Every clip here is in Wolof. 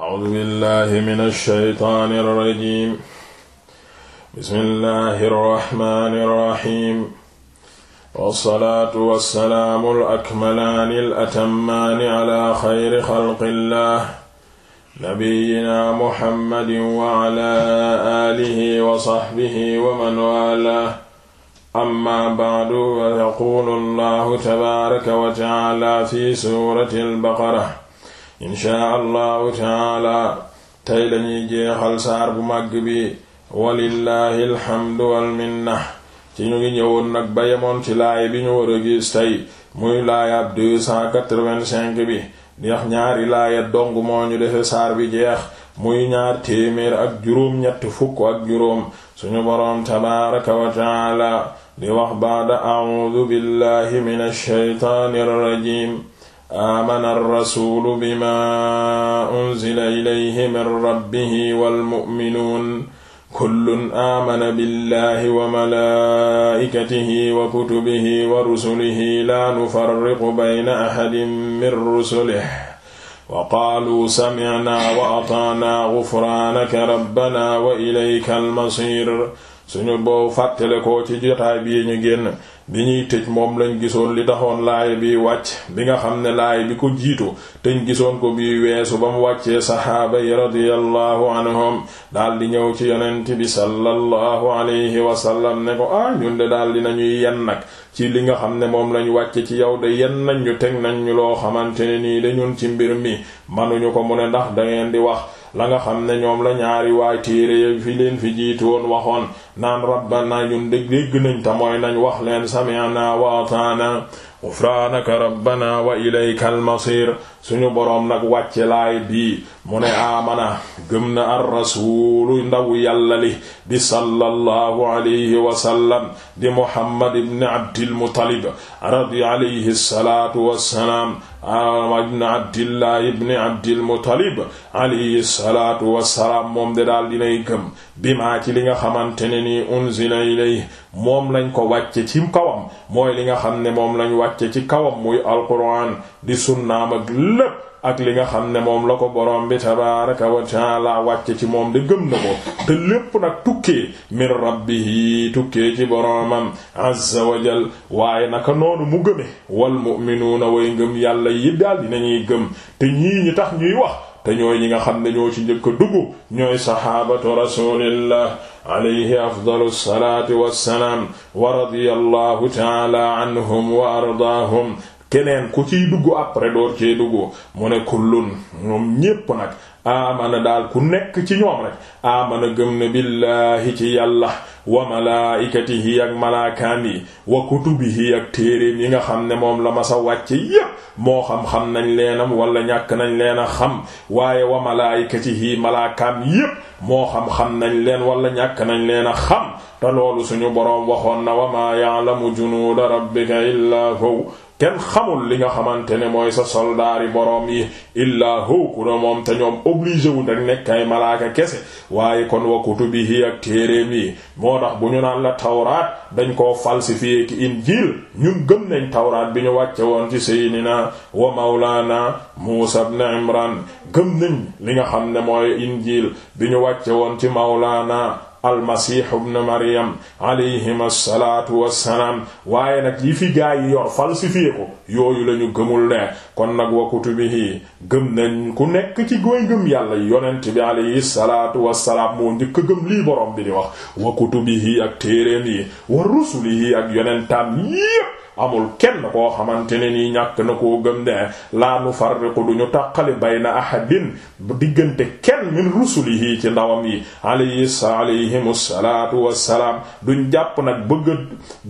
A'uuzu billaahi mina shaytaani rajiim. Bismillaahi rahmaani rahiim. Wassalaatu wassalaamu al-akmalaani al-atammaani alaa xayri xalqillaah. Nabiyyinaa Muhammadin wa alaa aalihi wa sahbihi wa man waalaah. Ammaa ba'du, fa yaquulu Allaahu tabaaraka wa ta'aalaa fi suurati al-Baqara. inchaa allahu taala tey lañuy jeexal saar bu màgg bi walillahi alhamdu walminna ci ñu ngi ñëwoon nag ba ci laay bi ñu war a gis tey muy laayab 285 bi ndax ñaari laaya dong moo ñu defe saar bi jeex muy ñaar téeméer ak juróom ñett fukk ak juróom suñu boroom tabaaraka wa taala di wax baada a'uudu billahi minash shaytaanir rajiim amana arrasulu bima unzila ilayhi min rabbihi walmu'minuun kullun aamana billahi wa malaa'ikatihi wa kutubihi wa rusulihi laa nufarriqu bayna ahadin min rusulihi wa qaaluu sami'naa wa ataanaa ghufraanaka rabbanaa wa ilayka almasiir suñu boo fàttale ko ci jotaay bii ñu génn bi ñuy tëj moom lañ gisoon li taxoon laay bi wàcc bi nga xam ne laay bi ko jiitu teñ gisoon ko bi weesu ba mu wàccee saxaaba yi radiyallahu anhum daal di ñëw ci yonent bi sallallahu alayhi wasallam ne ko ah ñun de daal di nañuy yen nag ci li nga xam ne moom lañ wàccee ci yow de yen nañ ñu teg nañ ñu loo xamante ne nii de ñun ci mbir mi manuñu ko mu ne ndax da ngeen di wax la nga xam ne ñoom la ñaari waay téere fi leen fi jiitu woon waxoon naan rabbana ñun dégg dégg ta mooy nañ wax leen sami'na wa ata'na ghufranaka wa ilayka al suñu boroom nag wàcce laay bi mu ne aamana gëm na ar rasuulu ndaw yàlla li di sallallahu alayhi wasallam di muhammad ibn abdil muttalib radi alayhi salaatu wassalaam a ibn abdillah ibn moom de daal dinay gëm bi maa ci li nga xamante ne nii unzila ilayhi moom lañ ko wàcce ci kawam mooy li nga xam ne moom lañ wàcce ci kawam muy alquran di sunnaam ak lépp ak li nga xam ne moom la ko borom bi tabaaraka wa ci moom di gëm na ko te lépp nag tukkee min rabbihi tukkee ci boromam azza wa waaye naka noonu mu gëme wal mu'minuuna way ngëm yàlla yi daal dinañuy gëm te ñii ñi tax ñuy wax te ñooy nga xam ne ñoo ci njëkk a dugg ñooy saxaabatu rasulillah alayhi afdalu salaati wassalaam wa radiyallahu taala anhum wa ardaahum keneen ku ciy dugg après door cee dugg mu ne kullun ñoom ñépp nag amana daal ku nekk ci ñoom rek amana gëm na billaahi ci yàlla wa malaikatihi ak malaakaam yi wa kutubihi ak téeréem yi nga xam ne moom la ma sa wàcce yépp moo xam-xam nañ leenam walla ñàkk nañ leen a xam waaye wa malaikatihi malaakaam yépp moo xam-xam nañ leen wala ñàkk nañ leen a te loolu suñu boroom waxoon na wa maa ya'lamu junuuda rabbika illaa huwa kenn xamul li nga xamante ne mooy sa soldaari boroom yi illaa hu ku na moom te ñoom obligé wu nak nekk ay malaaka kese waaye kon wa kutubihi ak téeréem yi moo tax bu ñu naan la tawraat dañ koo falsifié ki injiil ñun gëm nañ tawraat bi ñu wàcce woon ci seydina wa mawlaana muusa ibn imran gëm nañ li nga xam ne mooy injiil bi ñu wàcce woon ci mawlaana almasihu bnu maryam alayhim assalaatu wassalaam waaye nag yi fi gaa yi yor falsifié ko yooyu lañu gëmul ne kon nag wa kutubihi gëm nañ ku nekk ci gooy gëm yàlla yonent bi alayhi wa wassalaam moo njëkk a gëm lii borom bi di wax wa kutubihi ak téeréem yi wa rusulihi ak yonentam yépp amul kenn koo xamante ne nii ñàkk na koo gëm de laa nu farriqu du ñu tàqali bayna ahadin diggante kenn min rusulihi ci ndawam yi alayhi alayhimu salaatu wassalaam duñ jàpp nag bëgg a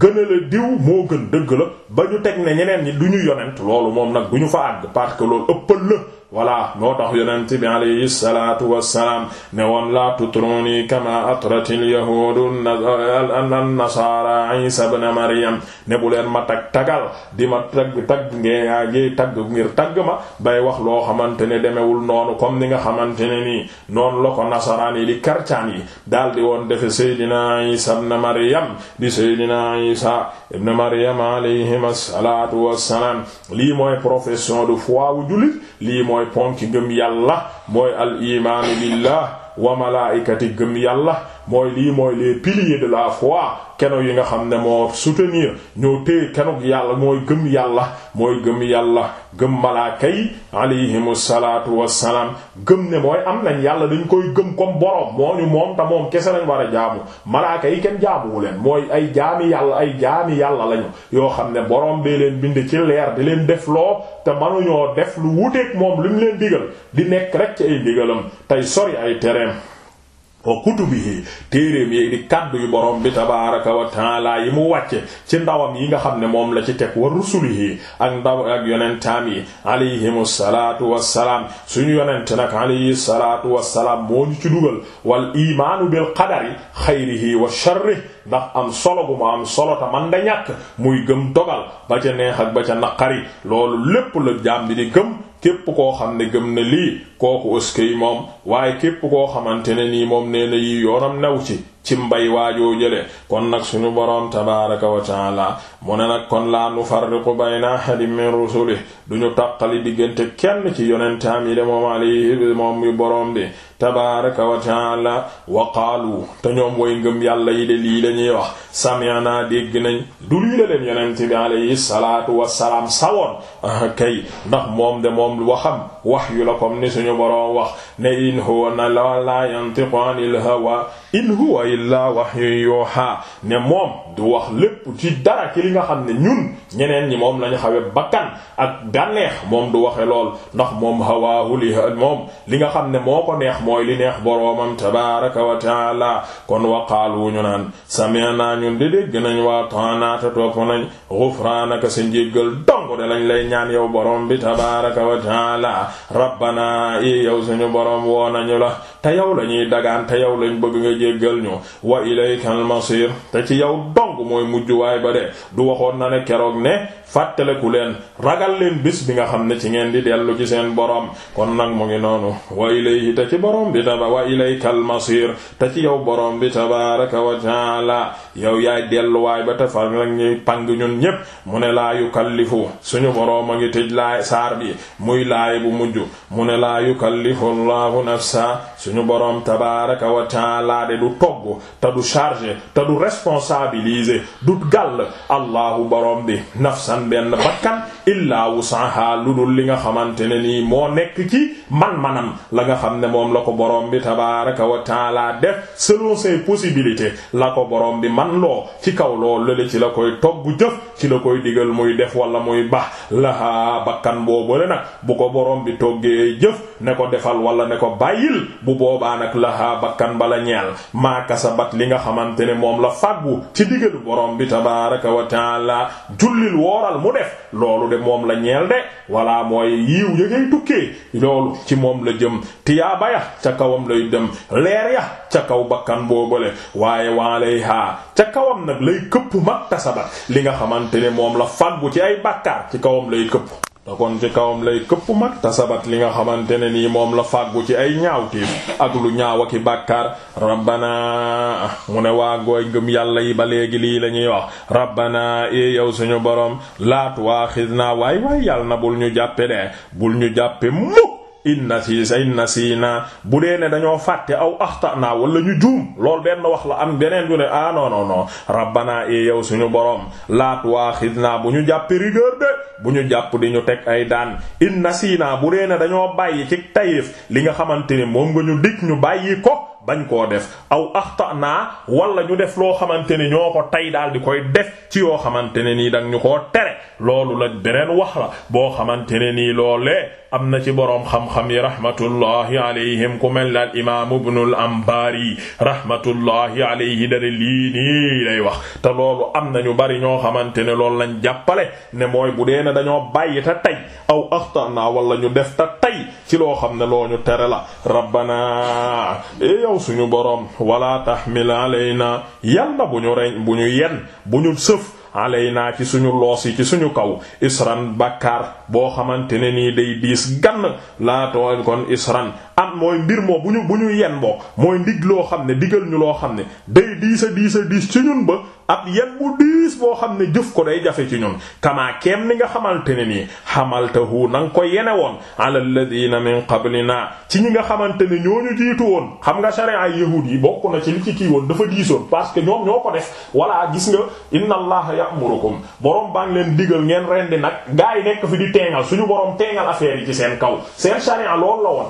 gën a la diw moo gën dëgg la ba ñu teg na ñeneen ñi du ñu yonent loolu moom nag du ñu fa àgg parce que loolu ëppal la voilà moo tax yonent bi alayhi salaatu wassalaam ne woon laa tutruni kama atratil yahuudu an-nasaara Isa ibn Maryam ne bu leen ma tag tagal di ma tag tag ngeengaa ngiy tagg ngir tagg ma bay wax loo xamante ne demewul noonu comme ni nga xamante ne nii noonu la ko nasaraan yi di daal di woon defe Seydina Isa ibn Maryam di Seydina wassalaam lii mooy profession de foi wu jullit lii mooy mooy ponk gëm yàlla mooy al imaanu billah wa malaayikati gëm yàlla mooy lii mooy lee piliers de la foi keno yi nga xam ne moo sutenir ñoo téye kenug yàlla mooy gëm yàlla mooy gëm yàlla gëm malaaka yi alayhimu salaatu wassalaam gëm ne mooy am nañ yàlla dañ koy gëm comme borom moo ñu moom te moom kese lañ war a jaamu malaaka yi kenn jaamuwu leen mooy ay jaami yàlla ay jaami yàlla lañu yoo xam ne borom bee leen bind ci leer di leen def loo te mënuñoo def lu wuteek moom lu mu leen digal di nekk rek ci ay digalam tey sori ay tereem wa kutubihi téeréem yi di kaddu yu borom bi tabaaraka wa taala yi mu wàcce ci ndawam yi nga xam ne moom la ci teg wa rusulihi ak ndaw ak yonentaam yi alayhimu salaatu wassalaam suñu yonent nag alayhi salaatu wassalaam moo ñu ci dugal wal imaanu bil qadari xayrihi wa sharrihi ndax am solo bu mu am solo ta man da ñàkk muy gëm dogal ba ca neex ak ba ca naqari loolu lépp la jaam bi di gëm képp koo xam ne gëm na lii kooku ëskey moom waaye képp koo xamante ne nii moom nee na yi yoonam new ci ci mbay waajoo jële kon nag suñu boroom tabaraka wa taala mu ne nag kon laa nufarriqu bayna ahadin min rusulih ñu tàqali diggante kenn ci yonentaam yi de moom alayhi moom yu boroom bi tabaraka wa taala wa te ñoom way ngëm yàlla yi de lii lañuy ñuy wax sami'na dégg nañ du lii la leen yonent bi alayhi salaatu wassalaam sawoon ah, kay ndax moom de moom waxam wax yu la comme ni suñu boroom wax ne in huwa na la la yantiqu anil hawa in huwa illa wahyun yuha ne moom du wax lépp ci dara ci li nga xam ne ñun ñeneen ñi moom lañu xawe bakkan ak gànneex moom du waxe lool ndax moom hawaahu li moom li nga xam ne moo ko neex mooy li neex boroomam tabaraka wa taala kon wu ñu naan sami'na ñun di dégg nañ waa taanaata topp nañ ghufranaka sa njéggal dong de lañ lay ñaan yow boroom bi tabaraka wa taala rabbana i yow suñu borom woo nañu la te yow la ñuy dagaan te yow lañ bëgg nga jéggal ñu wa ilaykal masir te ci yow dong mooy mujj waay ba de du waxoon na ne keroog ne fàttaleku leen ragal leen bis bi nga xam ne ci ngeen di dellu ci seen boroom kon nag mu ngi noonu wa ilayhi te ci borom bi taba wa ilaykal masir te ci yow boroom bi tabaraka wa taala yow yaay waay ba te far nag ñuy pang ñun ñépp mu ne laa yukallifu suñu borom a ngi tëj laay saar bi muy laay bu mujj mu ne laa yukallifu allahu nafsa borom boroom tabaraka wa taala de du togg te du chargé te du responsabilisé du gàll allahu boroom bi nafsan benn bakkan illaa wusaha lu dul li nga xamante ne nii moo nekk ci man-manam la nga xam ne moom la ko boroom bi tabaraka wa taala def selon ses possibilités la ko borom bi man loo ci kaw loo lële ci la koy togg jëf ci la koy digal muy def wala muy bax lahaa bakkan boobale nag bu ko boroom bi toggee jëf ne ko defal wala ne ko bàyyil bu boobaa nag la lahaa bakkan bala ñeel maa kasabat li nga xamante ne moom la fàggu ci digalu borom bi tabaaraka wa taala jullil wooral mu def loolu de moom la ñeel de walla mooy yiiw ya ngay tukkee loolu ci moom la jëm tiyaaba ya ca kawam lay dem leer ya ca kaw bakkan boobale waaye waa lay haa ca kawam nag lay këpp mag kasabat li nga xamante ne moom la fàggu ci ay bàkkaar ci kawam lay këpp te kon ci kawam lay këpp mag tasabat li nga xamante ne nii moom la fàggu ci ay ñaawteef ak lu ñaaw aki bàkkaar rabbana mu ne waa gooy ngëm yàlla yi ba léegi lii lañuy ñuy wax rabbana e yow suñu borom laatuwaa xis naa waay waay yàlla na bul ñu jàppe de bul ñu jàppe mukk inna si sa inna si naa bu dee ne dañoo fàtte aw axta naa wala ñu juum loolu benn wax la am beneen du ne ah rabbana e yow suñu borom laat waaxid naa bu ñu jàpp rigueur bu ñu jàpp di ñu teg ay daan inna si naa bu dee ne dañoo bàyyi ci tayif li nga xamante ne moom nga ñu dig ñu bàyyi ko bañ koo def aw axta naa wala ñu def loo xamante ne ñoo ko tay daal di koy def ci yoo xamante ne nii dang ñu koo tere loolu la beneen wax la boo xamante ne nii loolee am na ci boroom xam-xam yi rahmatullahi alayhim ku mel al imaam ibn al anbari rahmatullahi alayhi dare lii nii lay wax te loolu am na ñu bari ñoo xamante ne loolu lañ jàppale ne mooy bu dee na dañoo bàyyi ta tay aw axta naa wala ñu def te tay ci loo xam ne loo ñu tere la rabbana eh yow suñu boroom wala taxmil alayna yal na bu ñu reñ bu ñu yen bu ñu sëf alayna ci suñu loos yi ci suñu kaw isran bakkaar boo xamante ne nii day diis gann laa tooñ kon isran am mooy mbir moo bu ñu bu ñu yen boo mooy ndig loo xam ne digal ñu loo xam ne day diis a diis a diis ci ñun ba ab yen bu diis boo xam ne jëf ko day jafe ci ñun kamaa keem ni nga xamante ne nii xamaltahu na nga ko yene woon ala alladina min qablina ci ñi nga xamante ne ñooñu jiitu woon xam nga sharia yahud yi bokk na ci li ci kii woon dafa diisoon parce que ñoom ñoo ko def walla gis nga inna allaha ya'murukum borom baa ngi leen digal ngeen rendi nag gaa yi nekk fi di teengal suñu borom teengal affaire yi ci seen kaw seen sharia loolu la woon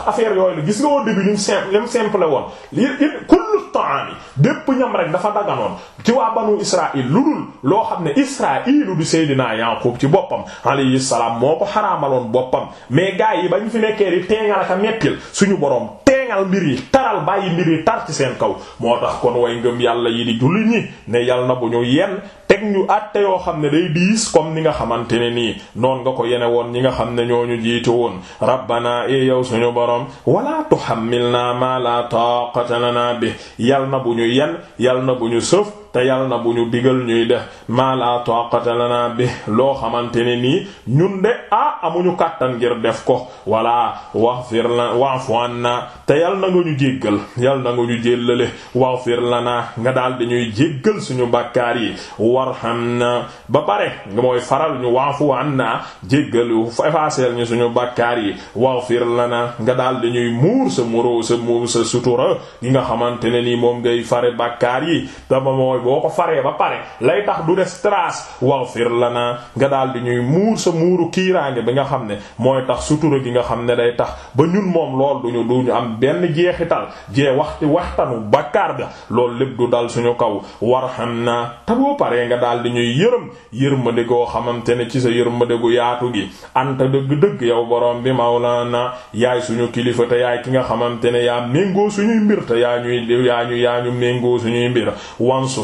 ndax affaire yooyu la gis nga woon début lim simple lim simple woon li kullu ta'ami bépp ñam rek dafa daganoon ci waa banu Israël lu dul loo xam ne Israëlu di naa Yaaqub ci boppam alayhi salaam moo ko xaraamaloon boppam mais gars yi ba bañ fi nekkee di teengal ak a suñu boroom feeñal mbir yi taral bàyyi mbir yi tar ci seen kaw moo tax kon way ngëm yàlla yi di jullit ñi ne yàlla na bu ñu yenn teg ñu àtte yoo xam ne day diis comme ni nga xamante ne nii noon nga ko yene woon ñi nga xam ne ñoo ñu jiitu woon rabbana e yow suñu borom wala tuhammilna ma la taqata lana bi yàlla na bu ñu yenn yàlla na bu ñu sëf te yal na bu ñu digal ñuy def maa la taqata lana bi loo xamante ne nii ñun de ah amuñu kàttan ngir def ko walla waxfir la wa'fu anna te yal na nga ñu jéggal yal na nga ñu jéllale waxfir lana nga daal di ñuy jéggal suñu bàkkaar yi warhamna ba pare nga mooy faral ñu wa'fu anna jéggalu effacer suñu bàkkaar yi waxfir lana nga daal di ñuy muur sa muro sa muur sa sutura gi nga xamante ne nii moom ngay fare bàkkaar yi dama mooy mooy boo ko faree ba pare lay tax du des trace waghfir naa nga daal di ñuy muur sa muuru kiiraange bi nga xam ne mooy tax sutura gi nga xam ne day tax ba ñun moom lool duñu duñu am benn jeexital jee waxti waxtanu bakkaar ga loolu lépp du dal suñu kaw warhamna te boo paree nga daal di ñuy yërëm yërmande goo xamante ne ci sa yërmande gu yaatu gi anta dëgg-dëgg yow borom bi mawlana yaay suñu kilifa te yaay ki nga xamante ne yaa méngoo suñuy mbir te yaa yaa méngoo suñu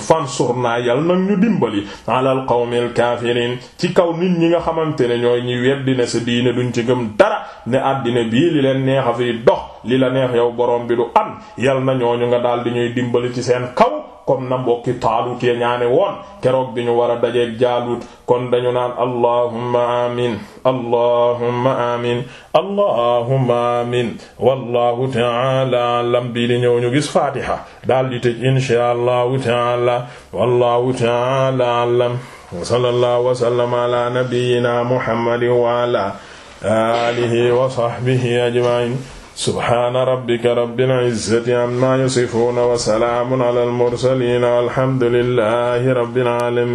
fansurnaa yal nag ñu dimbali alal qawmil kaafiriin ci kaw nit ñi nga xamante ne ñooy ñi weddi ne sa diine duñ ci gëm dara ne àddina bii li leen neexa fi dox li la neex yow borom bi du am yal na ñooñu nga daal di ñuy dimbali ci seen kaw kon na mbokki taalut ya ñaane woon keroog bi ñu war a dajeeg jaalut kon dañu naan allahumma amin allahumma amin allahumma amin wallahu ta'ala lam bi li ñëw fatiha daal di tëj insha allahu ta'ala wallahu ta'ala alam wa sallallahu wa sallama ala nabiyyina muhammadin wa ala alihi wa sahbihi ajma'in subhaana rabbika rabbil izzati amma yasifuuna wa salaamun alal mursaliin walhamdu lillaahi rabbil aalamiin